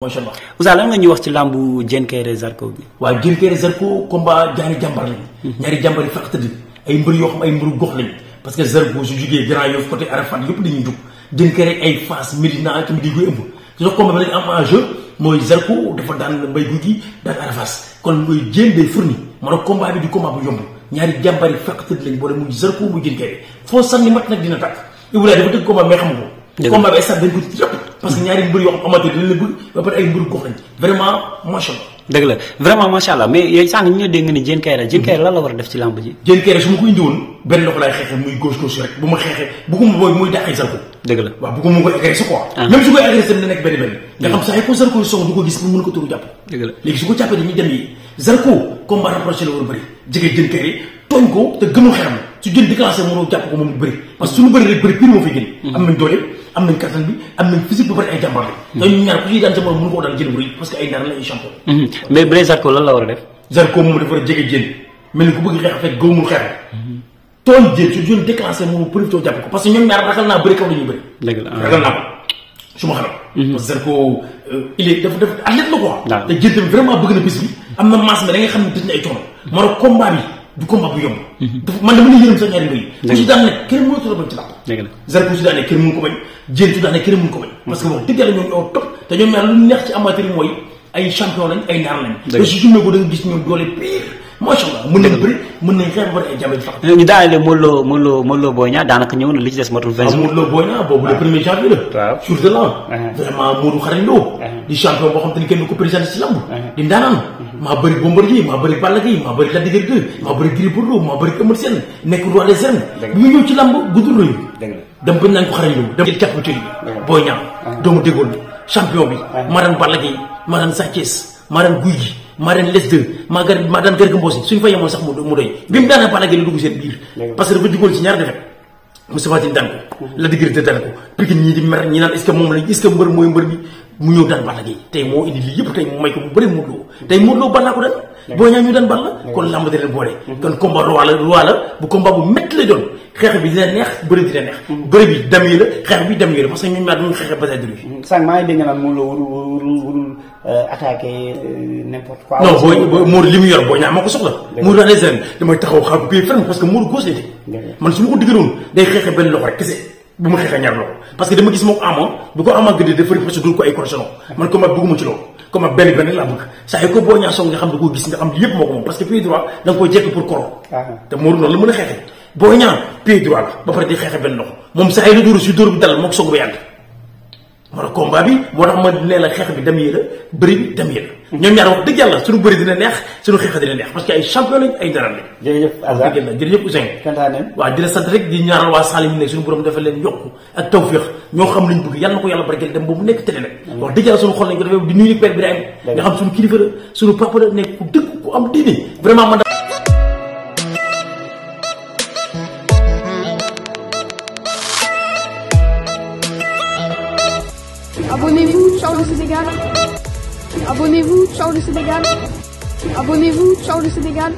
macha allah Ousseynou lan nga ñuy wax ci làmbu Diène Kaïré Zarco bi. waaw Diène Kaïré Zarco combat ñaari jàmbar lañ. Mhm. ñaari jàmbar yi fekk tëdd ay mbër yoo xam parce que Zarco su jugee Grand Yoff côté Arafat yëpp dañuy dugg Diène Kaïré ay Fass dafa daan mbay guy gi daan kon mooy Diène fourni moo tax combat bi du combat ñaari jàmbar yi fekk tëdd lañ boole muy Zarco foo sànni mat nag dina tàkk Ibrahima dafa tëgg combat mais xam ko combat bi instant dañ ko yëpp parce que ñaari mbër yoo xam amateur dañ la bëgg ba pare ay mbëru gox a def ci làmb ji. ko indiwoon benn loxo rek bu ma ko mooy muy ko mu ko agressé quoi. Ah. même su koy agressé ko du ko gis mu mën ko turu jàpp. ko jàppee ko te gëmul xeram su parce que suñu bëri rek bëri pire moo gën mm-hmm. am nañ doole am nañ kattan bi am nañ physique ba pare ay jàmbaar lañ. Mm-hmm. ko daan jël bu parce que ay daan mm-hmm. la war a def. Zarko moom dafa war a jege mm-hmm. jën ah. euh, bëgg na bis bi am na masse mais da nga xam ne daj na ay coono. moo tax combat bi du combat bu yomb. Mhm. dafa man dama la yërëm sa ñaari mbir yi. dëgg la ku si daan nekk kenn mënu ko bañ su daan nekk kenn mënu ko bañ Diène su daan nekk kenn mënu ko bañ. Mhm. parce que moom dëgg na li ci des matul vingt jours. Ah, Modou Lo ah. ah. ni kenn maa bëri Bombardier maa bëri Balla Gaye maa bëri Lac de maa bëri Gris Bordeaux maa bëri Eumeu Sène nekk roi des arènes bi mu ñëw ci làmb guddul dem bañ naan ko xarañ loolu dem jël càpp tëy booy ñaam doomu déggoon champion bi ah. maa daan Balla Gaye maa daan Sa Thiès maa daan Gouye Gui maa daan les deux maa gar maa daan Garga Mbossé fa yemoon sax mu doy bi mu daanee Balla Gaye la dugg seen biir parce dafa jugoon ci ñaar defet Moustapha Tine ko mm-hmm. Lac de daan ko Pikine ñii di mer ñi naan est moom la est mbër mu ñëw daan Balla Gaye tey moo indi lii yëpp tey mu may ko mu bëri Modou Lo tey Modou Lo Balla ko daan boo ñaa ñu daan Balla kon làmb dina boole kon combat roi la roi la bu combat bu métti la bi dina neex bëri dina neex mm. bi dam yi la xeex bi dam yi la parce que ñun ñaa dañu xeex basa dri mm. sànq maa ngi dégg naan Modou li mu yor boo ñaa moo ko soxla Modou ane seen damay taxaw xam ko pied parce que Modou gauche la man su ma ko diggaloon day xeexe benn loxo rek kese bu ma xeexee ñaar loxo parce que dama gis moom ama bu ko ama gëddee dafa riposte dul ko ay crochet non man combat bëgguma ci loolu combat benn benn laa nga xam da koo moo ko moom parce que pied droit nga koy jekk pour koro ah. te Modou noonu la mën a xeexee boo ñaa pied droit la ba pare di xeexee benn loxo moom saa yu la dóor si dóor dal moo ko soog ba yàgg wala combat bi moo tax ma ne la xeex bi dem yi la bëri bi dem yi la ñoom ñaar wax dëgg yàlla suñu bëri dina neex suñu xeex dina neex parce que ay champion lañ ay daral lañ jërëjëf Azar jërëjëf Ousseyn waaw di la sant rek di ñaanal waa Salim ne suñu borom dafa leen yokk ak tawfiq ñoo xam lañ bëgg yàlla na ko yàlla barkeel dem boobu nekk télé nag wax dëgg yàlla suñu xol lañ ko defee di nuyu père Birahim nga xam suñu kilifa la suñu papa la nekk ku dëgg ku am diine vraiment man Abonnez-vous, Charles le Sénégal. Abonnez-vous, Charles le Sénégal. Abonnez-vous, Charles le Sénégal.